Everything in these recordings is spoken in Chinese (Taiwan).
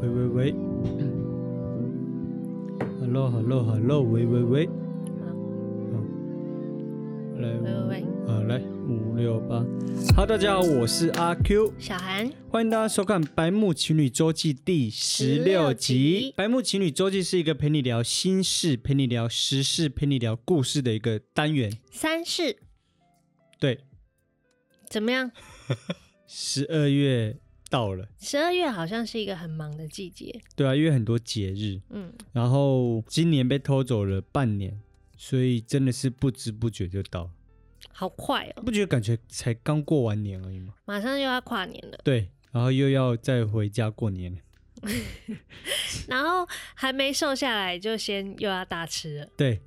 喂喂喂，Hello Hello Hello 喂喂喂，好，嗯、喂喂好，來，喂喂喂，好來，五六八，好，大家好，我是阿 Q，小涵，歡迎大家收看《白目情侶週記》第十六集，集《白目情侶週記》是一個陪你聊心事、陪你聊時事、陪你聊故事的一個單元，三事，對，怎麼樣？十二 月。到了十二月，好像是一個很忙的季節。對啊，因為很多節日。嗯，然後今年被偷走了半年，所以真的是不知不覺就到了，好快哦！不覺得感覺才剛過完年而已嗎？馬上又要跨年了。對，然後又要再回家過年。 然後還沒瘦下來，就先又要大吃了。對，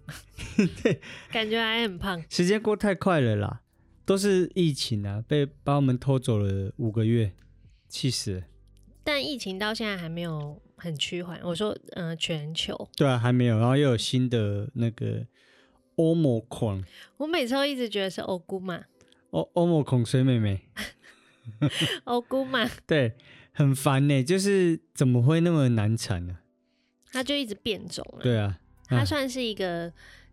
對感覺還很胖。時間過太快了啦，都是疫情啊，被把我們偷走了五個月。氣死！其實但疫情到現在還沒有很趨緩。我說，嗯、呃，全球對啊，還沒有。然後又有新的那個歐姆狂。某我每次都一直覺得是歐姑媽。歐歐姆狂水妹妹。歐 姑媽。對，很煩呢，就是怎麼會那麼難纏呢、啊？他就一直變種、啊、對啊，嗯、他算是一個。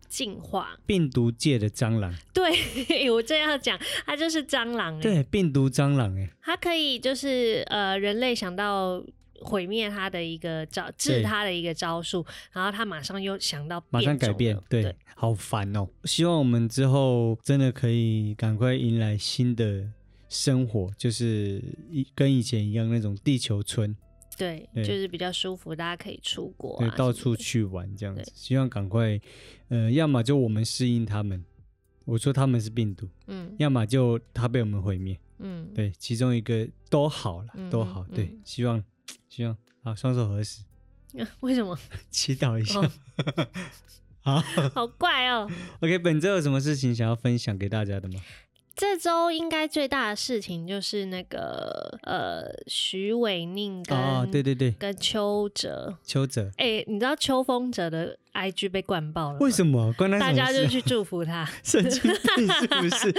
進化病毒界的蟑螂，對，我這樣講，它就是蟑螂、欸。對，病毒蟑螂、欸，哎，它可以就是呃，人類想到毀滅它的一個招，治它的一個招數，對然後它馬上又想到馬上改變，對，對好煩哦、喔。希望我們之後真的可以趕快迎來新的生活，就是一跟以前一樣那種地球村。對，對就是比較舒服，大家可以出國、啊，對，吧對，到處去玩這樣子。對希望趕快。呃，要麼就我們適應他們，我說他們是病毒，嗯，要麼就他被我們毀滅，嗯，對，其中一個都好了，嗯，都好，對，嗯嗯，希望，希望，好，雙手合十，為什麼？祈禱一下，哦、 好，好怪哦。OK，本周有什麼事情想要分享給大家的嗎？這週應該最大的事情就是那個呃，許瑋甯跟哦，對對對，跟邱澤邱澤。哎、欸，你知道秋風澤的 IG 被灌爆了？為什麼？關他什麼事？啊、大家就去祝福他，神經病，是不是？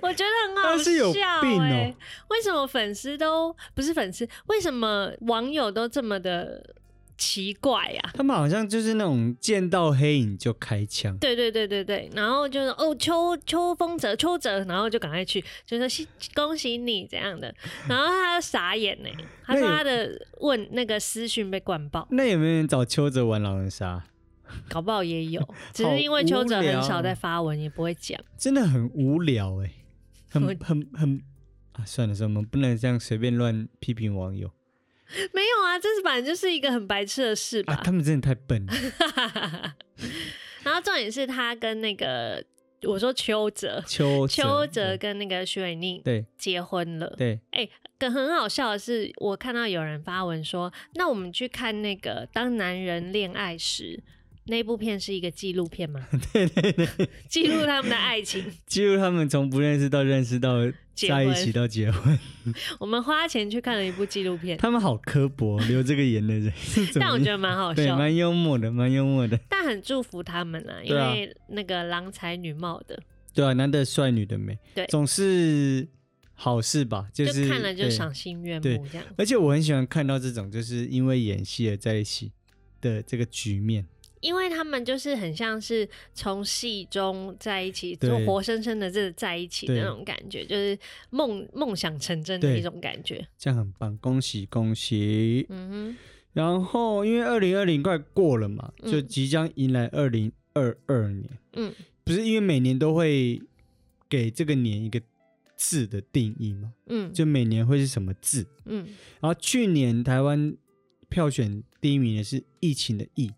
我覺得很好笑。欸，哎、他是有病哦，為什麼粉絲都不是粉絲？為什麼網友都這麼的？奇怪呀、啊，他們好像就是那種見到黑影就開槍。對對對對對，然後就是哦，邱邱風澤，邱澤，然後就趕快去，就說恭喜你這樣的。然後他就傻眼呢， 有他說他的問那個私訊被灌爆。那有沒有人找邱澤玩狼人殺？搞不好也有，只是因為邱澤很少在發文，啊、也不會講，真的很無聊哎，很很很 啊，算了算了，我們不能這樣隨便亂批評網友。沒有啊，這是反正就是一個很白痴的事吧。啊、他們真的太笨。 然後重點是他跟那個我說邱澤，邱邱澤跟那個許瑋甯對結婚了。對，哎，很、欸、很好笑的是，我看到有人發文說，那我們去看那個當男人戀愛時。那部片是一個紀錄片嗎？對對對，記錄他們的愛情， 記錄他們從不認識到認識到在一起到結婚。 我們花錢去看了一部紀錄片， 他們好刻薄，喔，留這個演的人。 但我覺得蠻好笑，蠻幽默的，蠻幽默的。但很祝福他們啊，因為那個郎才女貌的對，啊。對啊，男的帥，女的美，對，總是好事吧？就是就看了就賞心悅目這樣。而且我很喜歡看到這種就是因為演戲而在一起的這個局面。因為他們就是很像是從戲中在一起，就活生生的這在一起那種感覺，就是夢夢想成真的一種感覺。這樣很棒，恭喜恭喜！嗯哼，然後因為二零二零快過了嘛，嗯、就即將迎來二零二二年。嗯，不是因為每年都會給這個年一個字的定義嗎？嗯，就每年會是什麼字？嗯，然後去年台灣票選第一名的是疫情的“疫”。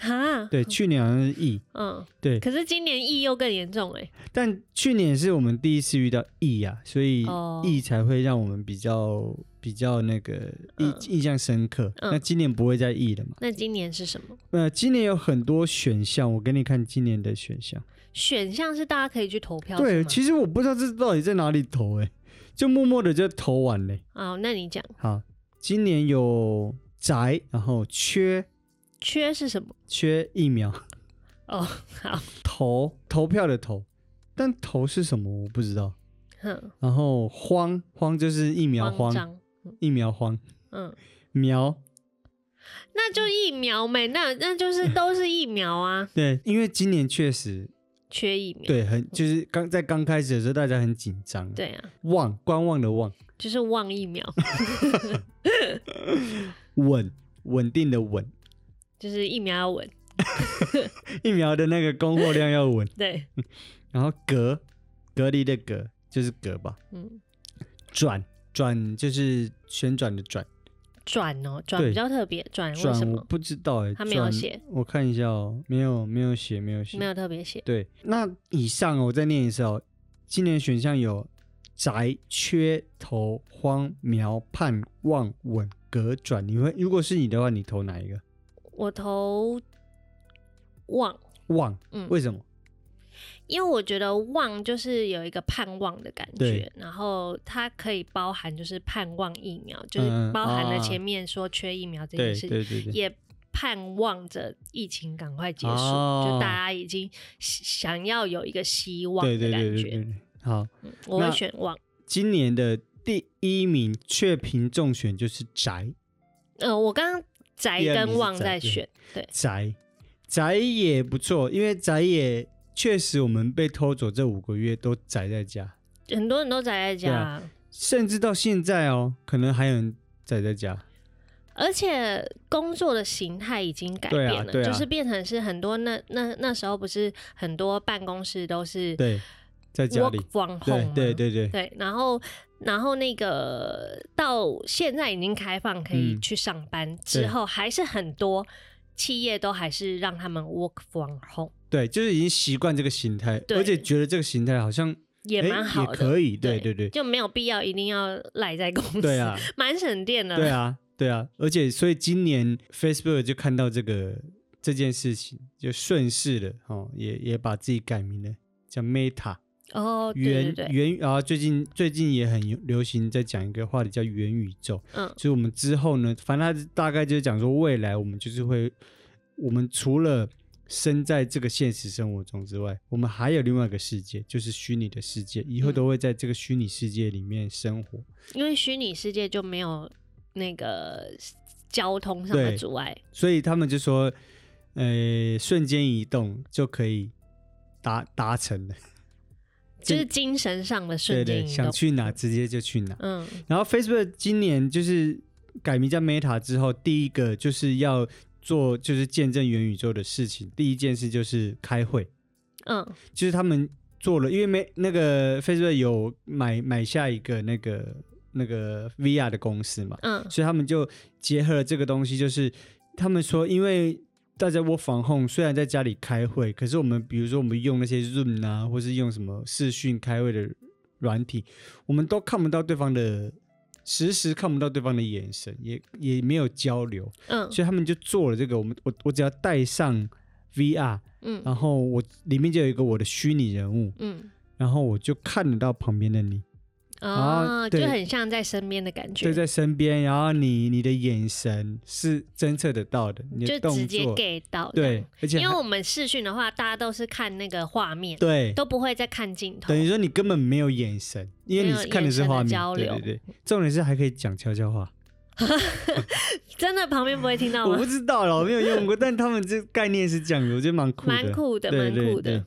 哈，對，去年好像是疫。嗯，對，可是今年疫又更嚴重哎、欸。但去年是我們第一次遇到疫啊，所以疫才會讓我們比較比較那個印、嗯、印象深刻。嗯、那今年不會再疫了嘛？那今年是什麼？呃，今年有很多選項，我給你看今年的選項。選項是大家可以去投票，對。是嗎？其實我不知道這到底在哪裡投哎、欸，就默默的就投完嘞。好，那你講。好，今年有宅，然後缺。缺是什麼？缺疫苗。哦，好。投投票的投，但投是什麼？我不知道。哼，然後慌慌就是疫苗慌，疫苗慌。嗯。苗，那就疫苗沒，那那就是都是疫苗啊。對，因為今年確實缺疫苗。對，很就是剛在剛開始的時候，大家很緊張。對啊。望，觀望的望，就是望疫苗。穩，穩定的穩。就是疫苗要穩，疫苗的那個供貨量要穩。 對，然後隔隔離的隔就是隔吧。嗯，轉轉就是旋轉的轉。轉哦、喔，轉對比較特別，轉為什麼？我不知道哎、欸，他沒有寫，我看一下哦、喔，沒有沒有寫沒有寫，沒有，沒有，沒有特別寫。對，那以上哦、喔，我再念一次哦、喔。今年選項有宅缺投荒苗盼望穩隔轉，你會，如果是你的話，你投哪一個？我投望望。嗯，為什麼、嗯？因為我覺得望就是有一個盼望的感覺，對然後它可以包含就是盼望疫苗，嗯、就是包含了前面說缺疫苗這件事，啊、對對對也盼望着疫情趕快結束，啊、就大家已經想要有一個希望的感覺。對對對對好、嗯，我會選望。今年的第一名雀屏中選就是宅，呃，我剛剛。宅跟旺在選，對宅，宅也不錯，因為宅也確實，我們被偷走這五個月都宅在家，很多人都宅在家，啊啊，甚至到現在哦，喔，可能還有人宅在家，而且工作的形態已經改變了，對啊對啊，就是變成是很多那那那時候不是很多辦公室都是對。在家裡 work from home 對，對對對，對，然後然後那個到現在已經開放可以去上班之後，還是很多企業都還是讓他們 work from home，對，就是已經習慣這個形態，對而且覺得這個形態好像對、欸、也蠻好的，也可以，對對對，就沒有必要一定要賴在公司，對啊，蠻省電的對、啊，對啊對啊，而且所以今年 Facebook 就看到這個這件事情，就順勢的哦，也也把自己改名了，叫 Meta。哦，對對對，原，原，元啊，最近最近也很流行，在講一個話題叫元宇宙。嗯，所以我們之後呢，反正他大概就是講說，未來我們就是會，我們除了生在這個現實生活中之外，我們還有另外一個世界，就是虛擬的世界，以後都會在這個虛擬世界裡面生活。嗯。因為虛擬世界就沒有那個交通上的阻礙，所以他們就說，呃，瞬間移動就可以達達成了。就是精神上的瞬間，對對，想去哪直接就去哪。嗯，然後 Facebook 今年就是改名叫 Meta 之後，第一個就是要做就是見證元宇宙的事情，第一件事就是開會。嗯，就是他們做了，因為沒那個 Facebook 有買買下一個那個那個 VR 的公司嘛，嗯，所以他們就結合了這個東西，就是他們說因為。大家窩防雖然在家裡開會，可是我們，比如說我們用那些 Zoom 啊，或是用什麼視訊開會的軟體，我們都看不到對方的實時，時，看不到對方的眼神，也也沒有交流。嗯，所以他們就做了這個，我們我我只要帶上 VR，嗯，然後我裡面就有一個我的虛擬人物，嗯，然後我就看得到旁邊的你。啊，就很像在身邊的感覺，對，在身邊。然後你你的眼神是偵測得到的，你就直接 get 到。對，而且因為我們視訊的話，大家都是看那個畫面，對，都不會再看鏡頭。等於說你根本沒有眼神，因為你看的是畫面交流。對，重點是還可以講悄悄話，真的旁邊不會聽到嗎？我不知道，我沒有用過。但他們這概念是這樣的，我覺得蠻酷的，蠻酷的，蠻酷的。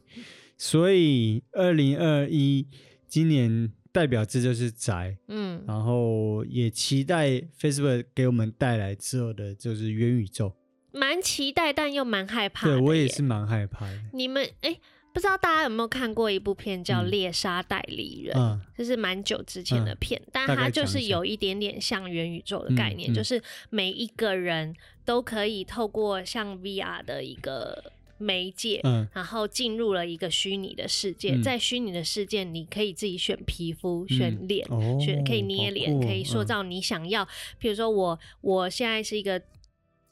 所以二零二一今年。代表這就是宅，嗯，然後也期待 Facebook 給我們帶來之後的就是元宇宙，蠻期待，但又蠻害怕。對，我也是蠻害怕。你們哎，不知道大家有沒有看過一部片叫《獵殺代理人》，就、嗯啊、是蠻久之前的片，啊、但它就是有一點點像元宇宙的概念，嗯嗯、就是每一個人都可以透過像 VR 的一個。媒介，嗯、然後進入了一個虛擬的世界，嗯、在虛擬的世界，你可以自己選皮膚、選臉，選可以捏臉，哦、可以塑造你想要。嗯、比如說我我現在是一個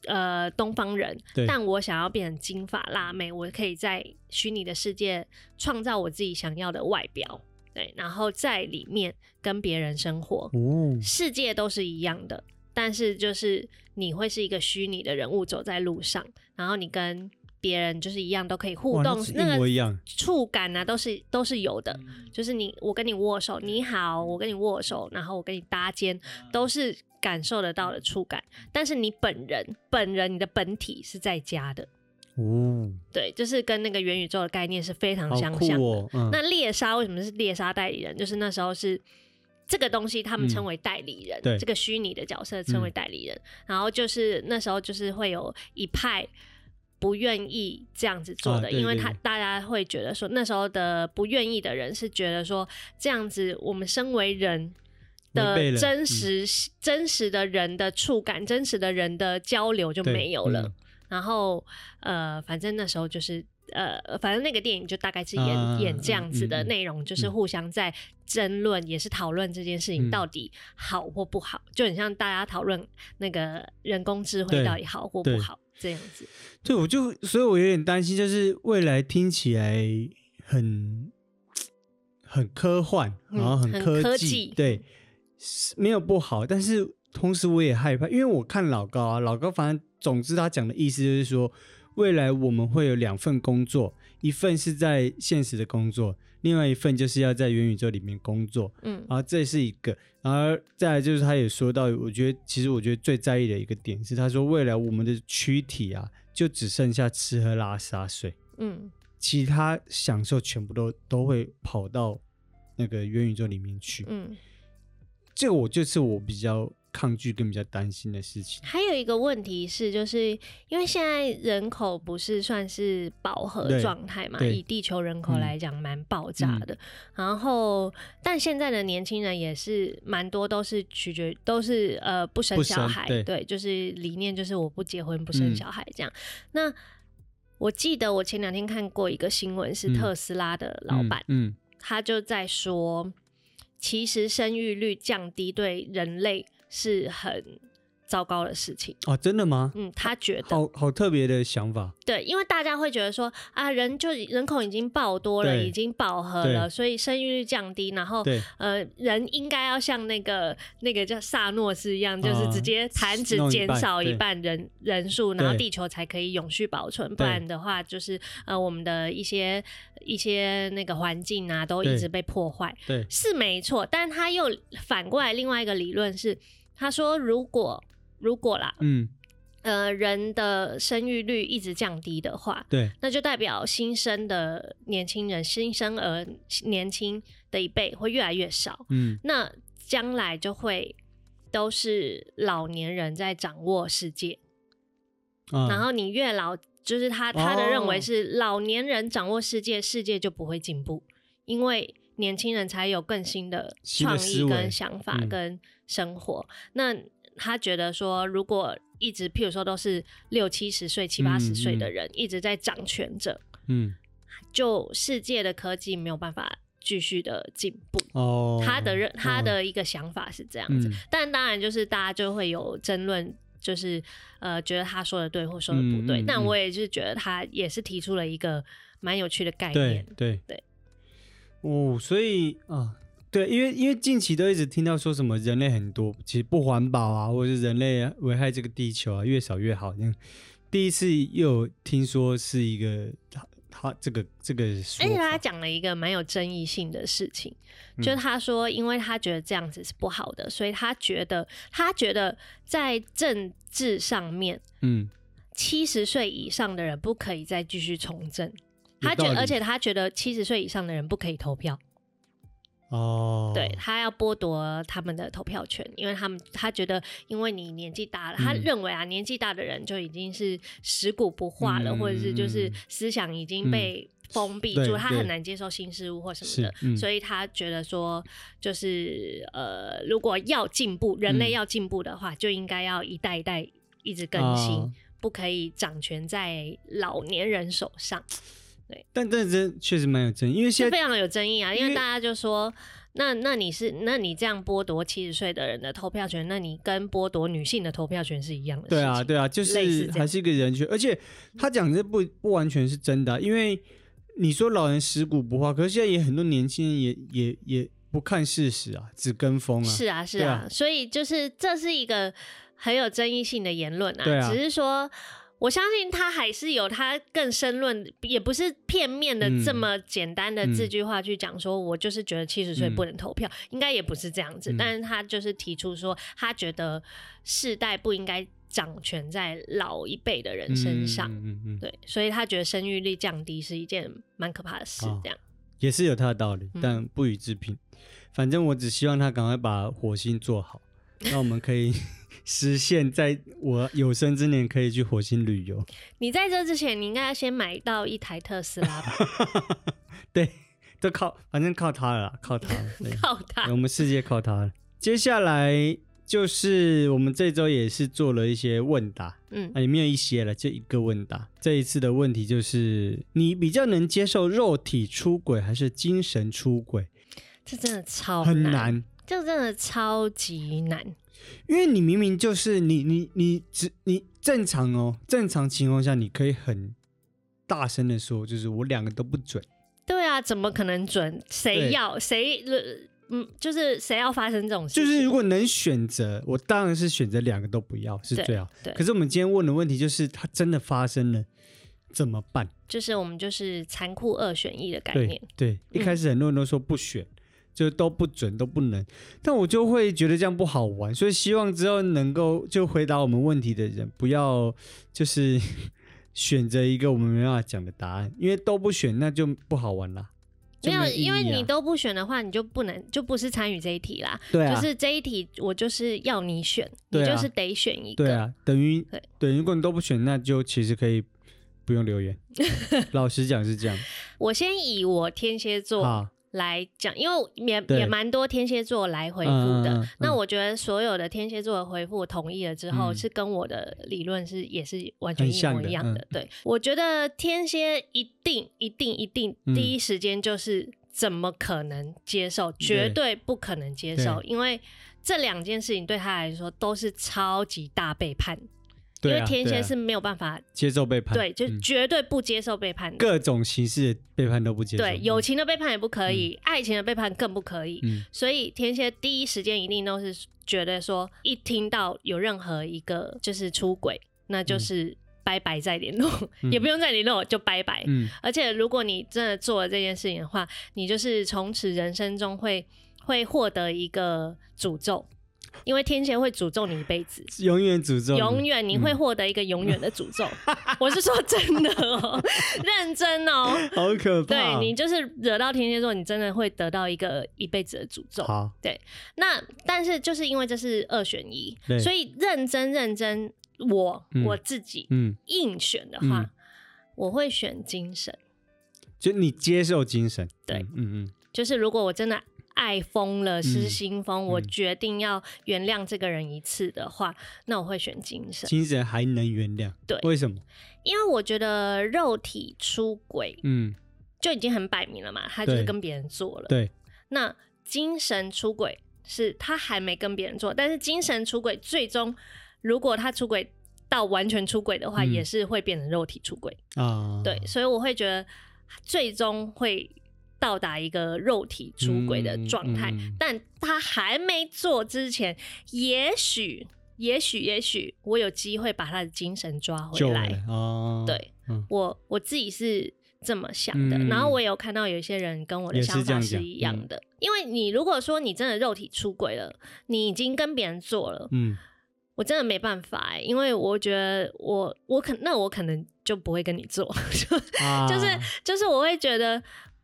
呃東方人，對但我想要變成金髮辣妹，我可以在虛擬的世界創造我自己想要的外表。對，然後在裡面跟別人生活，哦、世界都是一樣的，但是就是你會是一個虛擬的人物走在路上，然後你跟。別人就是一樣都可以互動，那，是一樣那個觸感啊，都是都是有的。嗯、就是你我跟你握手，你好；我跟你握手，然後我跟你搭肩，都是感受得到的觸感。但是你本人本人你的本體是在家的，哦，對，就是跟那個元宇宙的概念是非常相像、哦、的。嗯、那獵殺為什麼是獵殺代理人？就是那時候是這個東西，他們稱為代理人，嗯、這個虛擬的角色稱為代理人。嗯、然後就是那時候就是會有一派。不願意這樣子做的，啊、因為他大家會覺得說，那時候的不願意的人是覺得說，這樣子我們身為人的真實、嗯、真實的人的觸感，真實的人的交流就沒有了。了然後呃，反正那時候就是呃，反正那個電影就大概是演、啊、演這樣子的內容，嗯嗯、就是互相在爭論，嗯、也是討論這件事情到底好或不好，嗯、就很像大家討論那個人工智慧到底好或不好。這樣子，對，我就，所以我有點擔心，就是未來聽起來很，很科幻，然後很科技，嗯、科技，對，沒有不好，但是同時我也害怕，因為我看老高啊，老高反正總之他講的意思就是說，未來我們會有兩份工作，一份是在現實的工作。另外一份就是要在元宇宙裡面工作，嗯，啊，這是一個。而再來就是，他也說到，我覺得其實我覺得最在意的一個點是，他說未來我們的軀體啊，就只剩下吃喝拉撒睡，嗯，其他享受全部都都會跑到那個元宇宙裡面去，嗯，這我就是我比較。抗拒跟比較擔心的事情，還有一個問題是，就是因為現在人口不是算是飽和狀態嘛？以地球人口來講，蠻爆炸的。嗯、然後，但現在的年輕人也是蠻多，都是取決於都是呃不生小孩。對，對。就是理念就是我不結婚，不生小孩這樣。嗯、那我記得我前兩天看過一個新聞，是特斯拉的老闆、嗯，嗯，嗯他就在說，其實生育率降低對人類。是很糟糕的事情哦，啊，真的嗎？嗯，他覺得、啊、好好特別的想法。對，因為大家會覺得說啊，人就人口已經爆多了，對已經飽和了，對所以生育率降低，然後對呃，人應該要像那個那個叫薩諾斯一樣，就是直接殘值減少一半人，啊，一半人，人數，然後地球才可以永續保存。對不然的話，就是呃，我們的一些一些那個環境啊，都一直被破壞。對，是沒錯。但是他又反過來另外一個理論是。他說：“如果如果啦，嗯，呃，人的生育率一直降低的話，對，那就代表新生的年輕人、新生兒年輕的一輩會越來越少。嗯，那將來就會都是老年人在掌握世界。嗯、然後你越老，就是他、哦、他的認為是老年人掌握世界，世界就不會進步，因為。”年輕人才有更新的創意跟想法跟生活，那他覺得說，如果一直譬如說都是六七十歲、七八十歲的人，嗯嗯、一直在掌權着嗯，就世界的科技沒有辦法繼續的進步。哦，他的任、哦、他的一個想法是這樣子，嗯，但當然就是大家就會有爭論，就是呃，覺得他說的對或說的不對。嗯嗯嗯、那我也就是覺得他也是提出了一個蠻有趣的概念，對對。對對哦，所以啊，對，因為因為近期都一直聽到說什麼人類很多其實不環保啊，或者是人類危害這個地球啊，越少越好。像第一次又聽說是一個他、啊、這個這個說法，而且他講了一個蠻有爭議性的事情，就是他說，因為他覺得這樣子是不好的，所以他覺得他覺得在政治上面，嗯，七十歲以上的人不可以再繼續從政。他覺得，而且他覺得七十歲以上的人不可以投票。哦，對，他要剝奪他們的投票權，因為他們他覺得，因為你年紀大了，他認為啊，年紀大的人就已經是食古不化了，或者是就是思想已經被封閉住，他很難接受新事物或什麼的，所以他覺得說，就是呃，如果要進步，人類要進步的話，就應該要一代一代一直更新，不可以掌權在老年人手上。對，但這真確實蠻有爭議，因為現在非常有爭議啊，因為大家就說，為那那你是，那你這樣剝奪七十歲的人的投票權，那你跟剝奪女性的投票權是一樣的。對啊，對啊，就是還是一個人權，而且他講這不不完全是真的啊，因為你說老人食古不化，可是現在也很多年輕人也也也不看事實啊，只跟風啊。是啊，是啊，啊所以就是這是一個很有爭議性的言論啊，啊只是說。我相信他還是有他更深論，也不是片面的這麼簡單的這句話去講說。說、嗯嗯、我就是覺得七十歲不能投票，嗯、應該也不是這樣子。嗯、但是他就是提出說，他覺得世代不應該掌權在老一輩的人身上。嗯嗯嗯嗯、對，所以他覺得生育率降低是一件蠻可怕的事。哦、這樣也是有他的道理，嗯、但不予置評。反正我只希望他趕快把火星做好，那我們可以。 實現在我有生之年可以去火星旅遊。你在這之前，你應該要先買到一台特斯拉吧？ 對，都靠，反正靠它了，了，靠它他，靠它，我們世界靠它了。接下來就是我們這周也是做了一些問答，嗯、哎，沒有一些了，就一個問答。這一次的問題就是，你比較能接受肉體出軌還是精神出軌？這真的超難很難，這真的超級難。因為你明明就是你，你你只你正常哦，正常情況下你可以很大聲的說，就是我兩個都不准。對啊，怎麼可能准？誰要對誰？嗯，就是誰要發生這種事？就是如果能選擇，我當然是選擇兩個都不要，是最好。對，對，可是我們今天問的問題就是，它真的發生了怎麼辦？就是我們就是殘酷二選一的概念，對。對，一開始很多人都說不選。嗯就都不准，都不能，但我就會覺得這樣不好玩，所以希望之後能夠就回答我們問題的人不要就是選擇一個我們沒辦法講的答案，因為都不選那就不好玩啦。沒有，沒啊、因為你都不選的話，你就不能就不是參與這一題啦。對啊。就是這一題，我就是要你選，啊、你就是得選一個。對啊。等於對，如果你都不選，那就其實可以不用留言。 嗯、老實講是這樣。 我先以我天蠍座來講，因為也對也蠻多天蠍座來回復的。嗯、那我覺得所有的天蠍座的回復，我、嗯、同意了之後，嗯、是跟我的理論是也是完全一模一樣的。的嗯、對，我覺得天蠍一定一定一定第一時間就是怎麼可能接受，嗯、絕對不可能接受，對因為這兩件事情對他來說都是超級大背叛。因為天蠍是沒有辦法、啊啊、接受背叛，對，就絕對不接受背叛的、嗯，各種形式背叛都不接受，對，友情的背叛也不可以，嗯、愛情的背叛更不可以。嗯、所以天蠍第一時間一定都是覺得說，一聽到有任何一個就是出軌，那就是拜拜再，再聯絡也不用再聯絡，嗯、就拜拜。嗯，而且如果你真的做了這件事情的話，你就是從此人生中會會獲得一個詛咒。因為天蠍會詛咒你一輩子，永遠詛咒，永遠你會獲得一個永遠的詛咒。我是說真的哦，認真哦，好可怕！對，你就是惹到天蠍座，你真的會得到一個一輩子的詛咒。好，對，那但是就是因為這是二選一，所以認真認真，我我自己嗯硬選的話，我會選精神，就你接受精神，對，嗯嗯，就是如果我真的。愛瘋了，失心瘋。嗯，我決定要原諒這個人一次的話，那我會選精神。精神還能原諒？對。為什麼？因為我覺得肉體出軌，嗯，就已經很擺明了嘛，他就是跟別人做了。對。那精神出軌是他還沒跟別人做，但是精神出軌最終，如果他出軌到完全出軌的話，嗯，也是會變成肉體出軌啊。對，所以我會覺得最終會到達一個肉體出軌的狀態，嗯嗯、但他還沒做之前，也許，也許，也許我有機會把他的精神抓回來。哦，對、嗯、我我自己是這麼想的。嗯、然後我有看到有些人跟我的想法是一樣的。樣嗯、因為你如果說你真的肉體出軌了，你已經跟別人做了，嗯，我真的沒辦法、欸，因為我覺得我我可那我可能就不會跟你做， 就是、啊、就是我會覺得。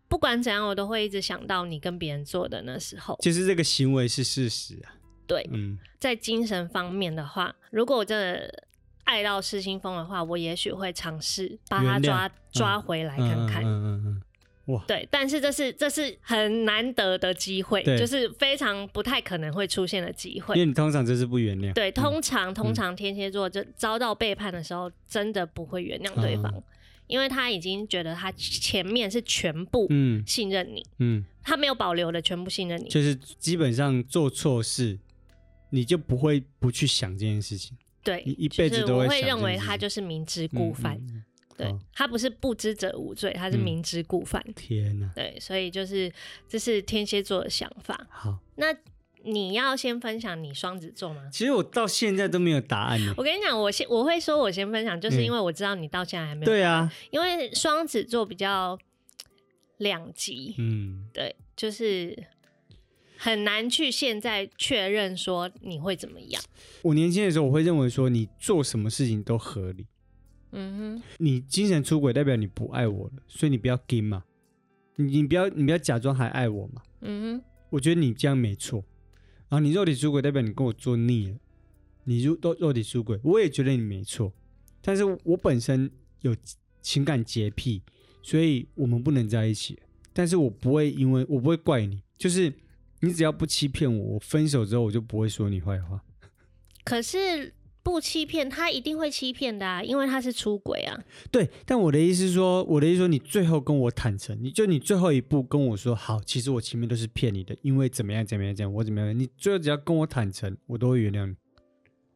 不管怎樣，我都會一直想到你跟別人做的那時候。其實這個行為是事實啊。對，嗯，在精神方面的話，如果我真的愛到失心瘋的話，我也許會嘗試把他抓、嗯、抓回來看看。嗯，嗯嗯嗯。哇。對，但是這是這是很難得的機會，對就是非常不太可能會出現的機會。因為你通常就是不原諒。嗯、對，通常通常天蠍座就遭到背叛的時候，嗯、真的不會原諒對方。嗯因為他已經覺得他前面是全部信任你，嗯，嗯他沒有保留的全部信任你，就是基本上做錯事，你就不會不去想這件事情，對，你一輩子都會。我會認為他就是明知故犯，嗯嗯哦、對他不是不知者無罪，他是明知故犯。嗯、天啊，對，所以就是這是天蠍座的想法。好，那。你要先分享你雙子座嗎？其實我到現在都沒有答案。我跟你講，我先我會說，我先分享，就是因為我知道你到現在還沒有、嗯。對啊，因為雙子座比較兩極，嗯，對，就是很難去現在確認說你會怎麼樣。我年輕的時候，我會認為說你做什麼事情都合理。嗯哼。你精神出軌代表你不愛我了，所以你不要 give 嘛？你你不要你不要假裝還愛我嘛？嗯哼。我覺得你這樣沒錯。啊！你肉體出軌代表你跟我做膩了，你肉都肉體出軌，我也覺得你沒錯，但是我本身有情感潔癖，所以我們不能在一起。但是我不會因為我不會怪你，就是你只要不欺騙我，我分手之後我就不會說你壞話。可是。不欺騙他一定會欺騙的、啊，因為他是出軌啊。對，但我的意思是說，我的意思說，你最後跟我坦誠，你就你最後一步跟我說，好，其實我前面都是騙你的，因為怎麼樣，怎麼樣，怎樣我怎麼樣，你最後只要跟我坦誠，我都會原諒你。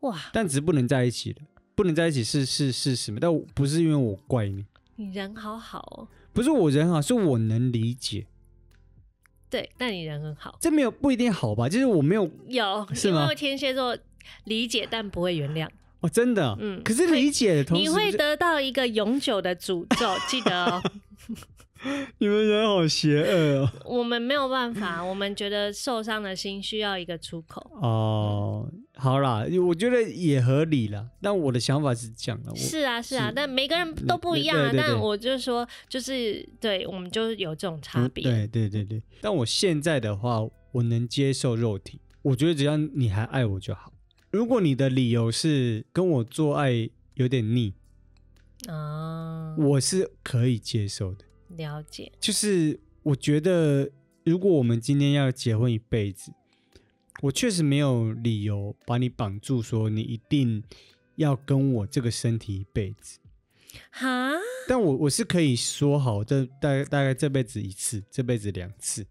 哇！但只是不能在一起了，不能在一起是是事實嘛。但不是因為我怪你，你人好好哦。不是我人好，是我能理解。對，但你人很好，這沒有不一定好吧？就是我沒有有是因為天蠍座。理解，但不會原諒，哦，真的？嗯，可是理解的同時，你會得到一個永久的詛咒， 記得哦。 你們人好邪惡哦。我們沒有辦法， 我們覺得受傷的心需要一個出口。哦，好啦，我覺得也合理了。但我的想法是這樣的，是啊，是啊，是，但每個人都不一樣啊。對對對，那我就是說，就是對，我們就有這種差別。對，對對對對，但我現在的話，我能接受肉體，我覺得只要你還愛我就好。如果你的理由是跟我做愛有點膩，啊，oh, 我是可以接受的。了解，就是我覺得，如果我們今天要結婚一輩子，我確實沒有理由把你綁住，說你一定要跟我這個身體一輩子。哈，Huh? 但我我是可以說好，這大概大概這輩子一次，這輩子兩次。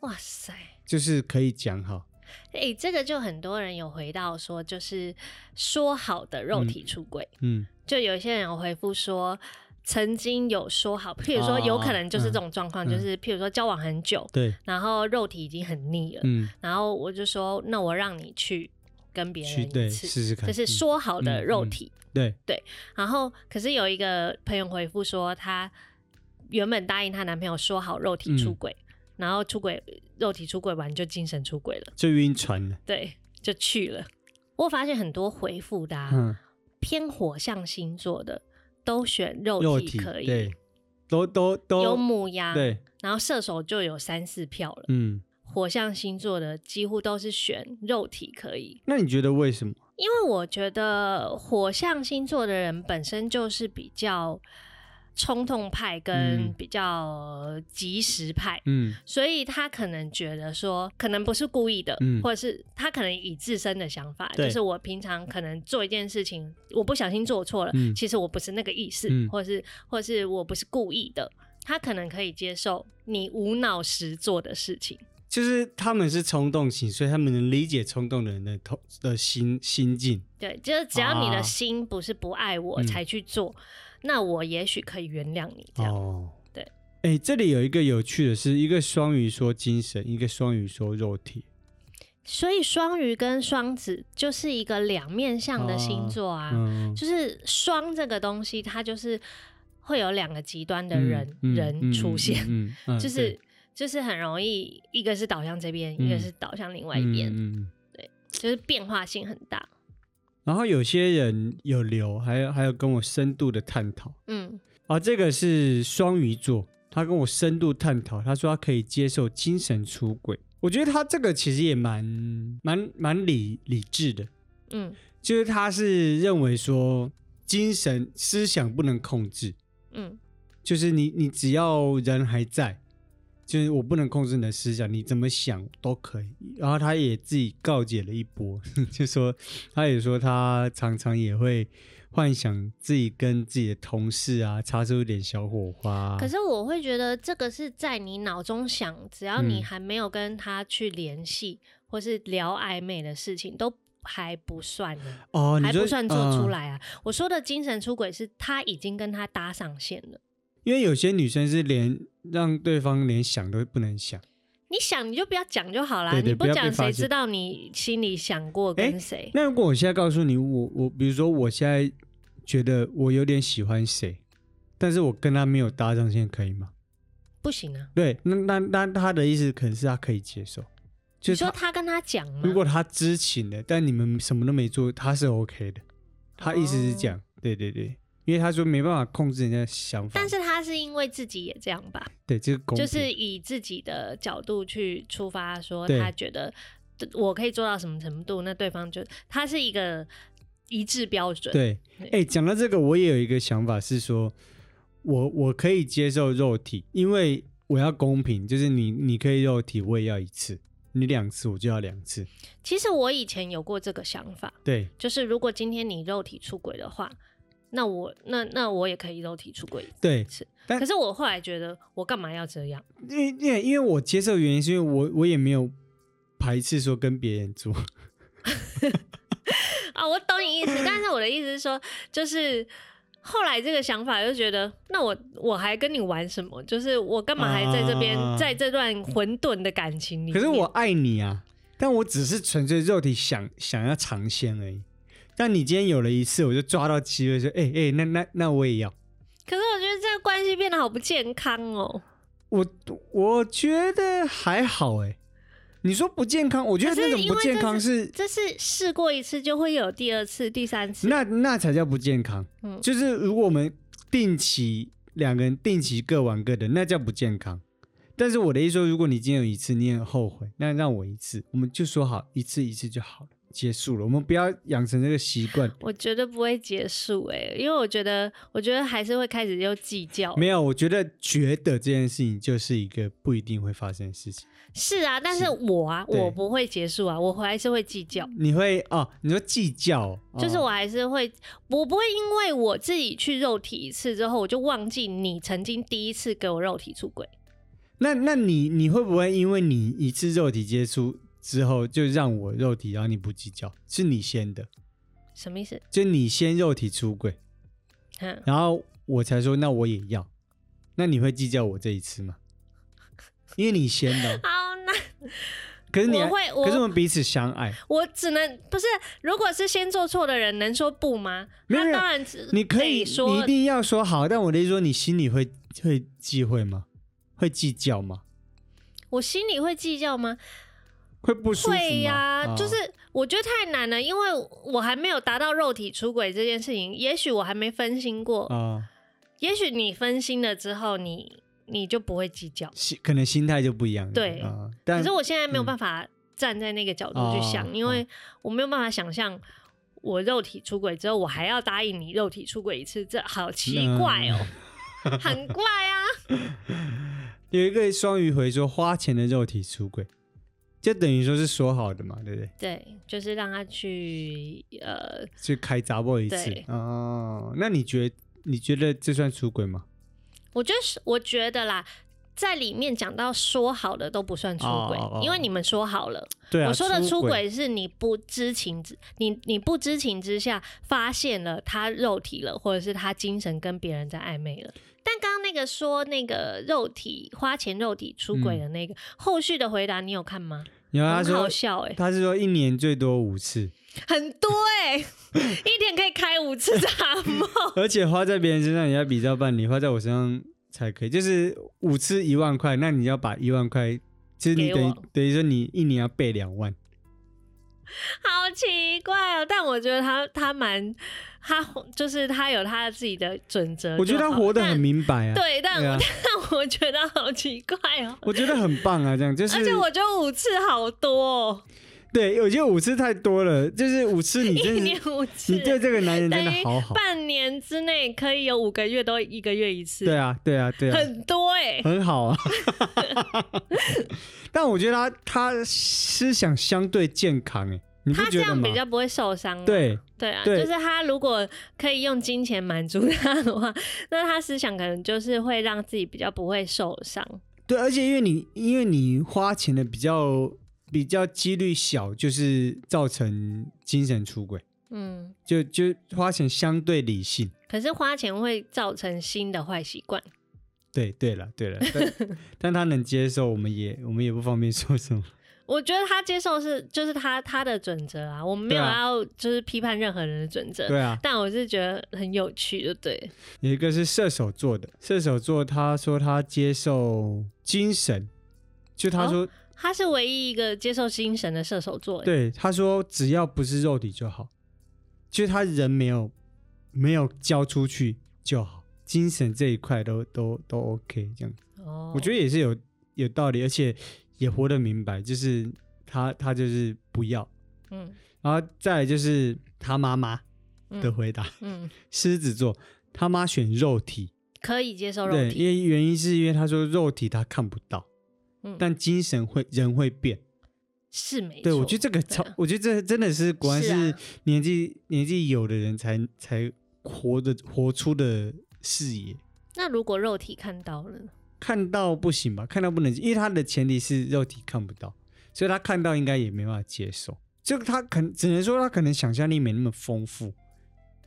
哇塞，就是可以講好。誒、欸，這個就很多人有回到說，就是說好的肉體出軌，嗯，嗯，就有些人有回復說，曾經有說好，譬如說有可能就是這種狀況，哦哦嗯，就是譬如說交往很久，對，嗯，然後肉體已經很膩了，嗯，然後我就說，那我讓你去跟別人吃去試試看，就是說好的肉體，嗯嗯嗯，對對，然後可是有一個朋友回復說，她原本答應她男朋友說好肉體出軌。嗯然後出軌，肉體出軌完就精神出軌了，就暈船了。對，就去了。我發現很多回覆的、啊嗯、偏火象星座的都選肉體可以，對，都都都。有牡羊。對，然後射手就有三四票了。嗯，火象星座的幾乎都是選肉體可以。那你覺得為什麼？因為我覺得火象星座的人本身就是比較。衝動派跟比較及時派，嗯，嗯，所以他可能覺得說，可能不是故意的，嗯，或者是他可能以自身的想法，對就是我平常可能做一件事情，我不小心做錯了，嗯、其實我不是那個意思，嗯、或是，或是我不是故意的，他可能可以接受你無腦時做的事情，就是他們是衝動型，所以他們能理解衝動的人的痛的心心境，對，就是只要你的心不是不愛我才去做。啊嗯那我也許可以原諒你，這樣，哦、對。哎、欸，這裡有一個有趣的是，一個雙魚說精神，一個雙魚說肉體，所以雙魚跟雙子就是一個兩面向的星座啊，哦嗯、就是雙這個東西，它就是會有兩個極端的人，嗯嗯嗯、人出現，嗯嗯嗯啊、就是對就是很容易一個是倒向這邊，嗯、一個是倒向另外一邊，嗯嗯嗯、對，就是變化性很大。然後有些人有留，還有還有跟我深度的探討。嗯，啊，這個是雙魚座，他跟我深度探討，他說他可以接受精神出軌。我覺得他這個其實也蠻蠻蠻理理智的。嗯，就是他是認為說精神思想不能控制。嗯，就是你你只要人還在。就是我不能控制你的思想，你怎麼想都可以。然後他也自己告解了一波，呵呵就說他也說他常常也會幻想自己跟自己的同事啊擦出一點小火花、啊。可是我會覺得這個是在你腦中想，只要你還沒有跟他去聯繫、嗯、或是聊曖昧的事情，都還不算哦，你說還不算做出來啊。呃、我說的精神出軌是他已經跟他搭上線了。因為有些女生是連讓對方連想都不能想，你想你就不要講就好啦，對對，你不講不誰知道你心裡想過跟誰、欸？那如果我現在告訴你，我我比如說我現在覺得我有點喜歡誰，但是我跟他沒有搭上線，可以嗎？不行啊。對，那那那他的意思可能是他可以接受，就是他說他跟他講嗎。如果他知情的，但你們什麼都沒做，他是 OK 的。他意思是講，哦、對對對。因為他說沒辦法控制人家的想法，但是他是因為自己也這樣吧？對，這個就是以自己的角度去出發說，說對他覺得我可以做到什麼程度，那對方就他是一個一致標準。對，哎、對、欸，講到這個，我也有一個想法是說，我我可以接受肉體，因為我要公平，就是你你可以肉體，我也要一次，你兩次我就要兩次。其實我以前有過這個想法，對，就是如果今天你肉體出軌的話。那我那那我也可以肉體出軌，對，是，但可是我後來覺得我幹嘛要這樣？因為因為因為我接受的原因是因為我我也沒有排斥說跟別人做。啊、 哦，我懂你意思， 但是我的意思是說，就是後來這個想法就覺得，那我我還跟你玩什麼？就是我幹嘛還在這邊、啊、在這段混沌的感情裡？可是我愛你啊，但我只是純粹肉體想想要嘗鮮而已。但你今天有了一次，我就抓到機會說，哎、欸、哎、欸，那那那我也要。可是我覺得這個關係變得好不健康哦。我我覺得還好哎。你說不健康，我覺得這種不健康是，是這是試過一次就會有第二次、第三次，那那才叫不健康。嗯，就是如果我們定期兩個人定期各玩各的，那叫不健康。但是我的意思說，如果你今天有一次，你也很後悔，那讓我一次，我們就說好一次一次就好了。結束了，我們不要養成這個習慣。我覺得不會結束哎、欸，因為我覺得，我覺得還是會開始又計較。沒有，我覺得覺得這件事情就是一個不一定會發生的事情。是啊，但是我、啊、是我不會結束啊，我還是會計較。你會哦？你說計較？哦、就是我還是會，我不會因為我自己去肉體一次之後，我就忘記你曾經第一次給我肉體出軌。那那你你會不會因為你一次肉體接觸？之後就讓我肉體，然後你不計較，是你先的，什麼意思？就你先肉體出軌，嗯，然後我才說那我也要，那你會計較我這一次嗎？ 因為你先的，好難。可是你會，可是我們彼此相愛，我，我只能不是，如果是先做錯的人，能說不嗎？那當然你，你可以說，你一定要說好。但我的意思說，你心裡會會忌諱嗎？會計較嗎？我心裡會計較嗎？會不舒服嗎？會呀、啊，就是我覺得太難了，啊、因為我還沒有達到肉體出軌這件事情。也許我還沒分心過，啊、也許你分心了之後你，你你就不會計較，心可能心態就不一樣。對，啊、但可是我現在沒有辦法站在那個角度去想，嗯啊、因為我沒有辦法想象我肉體出軌之後，我還要答應你肉體出軌一次，這好奇怪哦，嗯、 很怪啊。 有一個雙魚回說，花錢的肉體出軌。就等於說是說好的嘛，對不對？對，就是讓他去呃去開查某一次對哦。那你覺得你覺得這算出軌嗎？我就是我覺得啦，在裡面講到說好的都不算出軌，哦哦哦哦，因為你們說好了。對啊。我說的出軌是你不知情之軌你你不知情之下發現了他肉體了，或者是他精神跟別人在曖昧了。但剛剛那個說那個肉體花錢肉體出軌的那個、嗯、後續的回答，你有看嗎？因為他說，欸、他是說一年最多五次，很多哎、欸， 一天可以開五次閘嗎？ 而且花在別人身上也要比照辦，你花在我身上才可以，就是五次一萬塊，那你要把一萬塊，其、就、實、是、你等於我等於說你一年要背兩萬，好奇怪哦，但我覺得他他蠻。他就是他有他自己的準則，我覺得他活得很明白啊。對，但對、啊、但我覺得好奇怪哦。我覺得很棒啊，這樣就是。而且我覺得五次好多、哦。對，我覺得五次太多了，就是五次你真的，你對這個男人真的好好。半年之內可以有五個月都一個月一次對、啊。對啊，對啊，對啊，很多哎、欸，很好啊。 但我覺得他他思想相對健康哎、欸。他這樣比較不會受傷。對對啊，對就是他如果可以用金錢滿足他的話，那他思想可能就是會讓自己比較不會受傷。對，而且因為你因為你花錢的比較比較幾率小，就是造成精神出軌。嗯，就就花錢相對理性。可是花錢會造成新的壞習慣。對對了對了，對但, 但他能接受，我們也我們也不方便說什麼。我覺得他接受的是就是他他的準則啊，我沒有要就是批判任何人的準則。對啊，但我是覺得很有趣就對，對不對？有一個是射手座的，射手座他說他接受精神，就他說、哦、他是唯一一個接受精神的射手座。對，他說只要不是肉體就好，就他人沒有沒有交出去就好，精神這一塊都都都 OK 這樣子。哦，我覺得也是有有道理，而且。也活得明白，就是他，他就是不要，嗯，然後再就是他媽媽的回答，嗯，嗯獅子座他媽選肉體，可以接受肉體，對，因為原因是因為他說肉體他看不到，嗯、但精神會人會變，是沒錯，對我覺得這個超，啊、我覺得這真的是果然是年紀是、啊、年紀有的人才才活的活出的視野。那如果肉體看到了？看到不行吧？看到不能，因為他的前提是肉體看不到，所以他看到應該也沒辦法接受。就他可能只能說他可能想象力沒那麼豐富。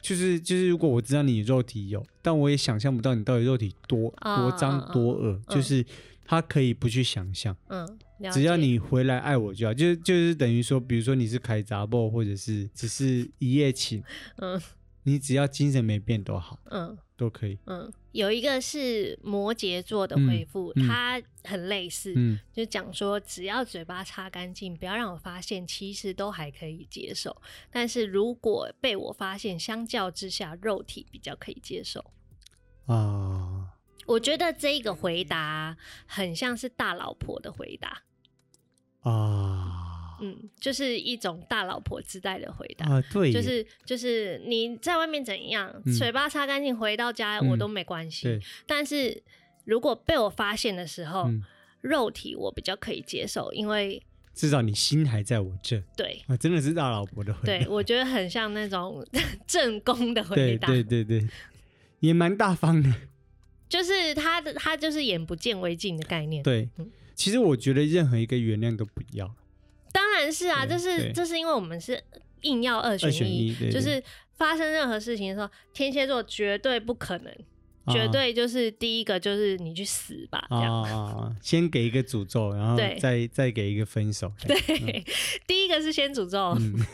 就是就是，如果我知道你肉體有，但我也想象不到你到底肉體多多髒多惡。啊啊啊啊嗯、就是他可以不去想象，嗯，只要你回來愛我就好。就是就是等於說，比如說你是開閘炮，或者是只是一夜情，嗯，你只要精神沒變都好，嗯，都可以，嗯。有一個是摩羯座的回復，他、嗯嗯、很類似，嗯、就講說只要嘴巴擦乾淨，不要讓我發現，其實都還可以接受。但是如果被我發現，相較之下，肉體比較可以接受。啊，我覺得這個回答很像是大老婆的回答啊。嗯，就是一種大老婆自帶的回答，啊、對，就是就是你在外面怎樣，嘴巴擦乾淨、嗯、回到家我都沒關係、嗯。對，但是如果被我發現的時候，嗯、肉體我比較可以接受，因為至少你心還在我這。對，啊，真的是大老婆的回答。對，我覺得很像那種正宮的回答。對對對對，也蠻大方的。就是他的，他就是眼不見為淨的概念。對，嗯、其實我覺得任何一個原諒都不要。是啊，對這是對這是因為我們是硬要二選一，二選一對對對就是發生任何事情的時候，天蠍座絕對不可能，啊、絕對就是第一個就是你去死吧，啊、這樣、啊，先給一個詛咒，然後再對再給一個分手，嗯、對，第一個是先詛咒，詛、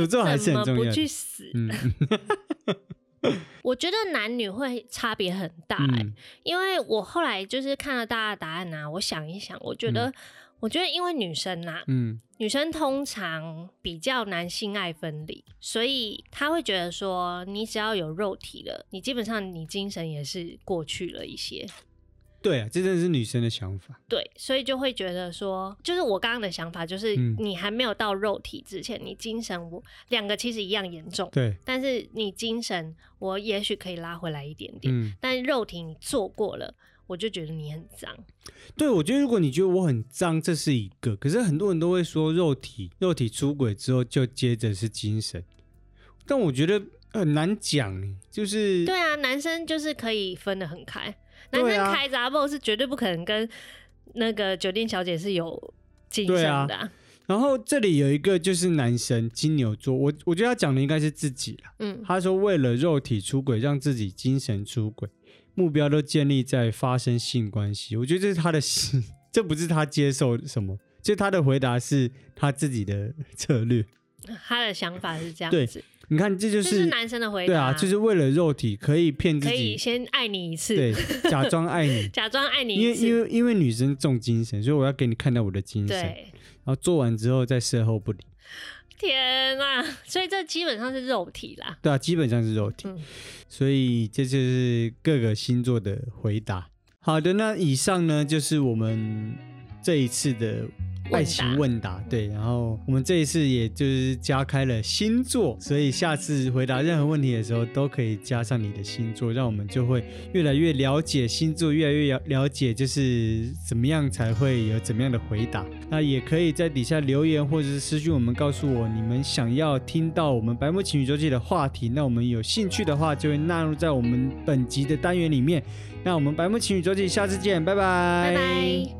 嗯、 咒還是很重要的怎麼不去死。嗯 我覺得男女會差別很大，欸嗯、因為我後來就是看了大家的答案啊，我想一想，我覺得，嗯、我覺得因為女生啊、嗯、女生通常比較難性愛分離，所以她會覺得說，你只要有肉體了，你基本上你精神也是過去了一些。對啊，這真的是女生的想法。對，所以就會覺得說，就是我剛剛的想法，就是你還沒有到肉體之前，嗯，你精神我兩個其實一樣嚴重。對，但是你精神我也許可以拉回來一點點，嗯，但是肉體你做過了，我就覺得你很髒。對，我覺得如果你覺得我很髒，這是一個。可是很多人都會說，肉體肉體出軌之後，就接着是精神，但我覺得很難講，就是對啊，男生就是可以分得很開。男生開查某是絕對不可能跟那個酒店小姐是有精神的，啊對啊。然後這裡有一個就是男生金牛座，我我覺得他講的應該是自己嗯，他說為了肉體出軌，讓自己精神出軌，目標都建立在發生性關係。我覺得這是他的心，這不是他接受什麼，就他的回答是他自己的策略，他的想法是這樣子。你看，這、就是、就是男生的回答，對啊，就是為了肉體可以騙自己，可以先愛你一次， 對，假裝愛你，假裝愛你一次因，因為因為因為女生重精神，所以我要給你看到我的精神，對，然後做完之後再事後不理，天吶，所以這基本上是肉體啦，對啊，基本上是肉體，嗯、所以這就是各個星座的回答。好的，那以上呢就是我們這一次的。愛情問答對，然後我們這一次也就是加開了星座，所以下次回答任何問題的時候都可以加上你的星座，讓我們就會越來越了解星座，越來越了了解就是怎麼樣才會有怎麼樣的回答。那也可以在底下留言或者是私信我們，告訴我你們想要聽到我們白目情侶週記的話題。那我們有興趣的話就會納入在我們本集的單元裡面。那我們白目情侶週記下次見，拜拜。拜拜。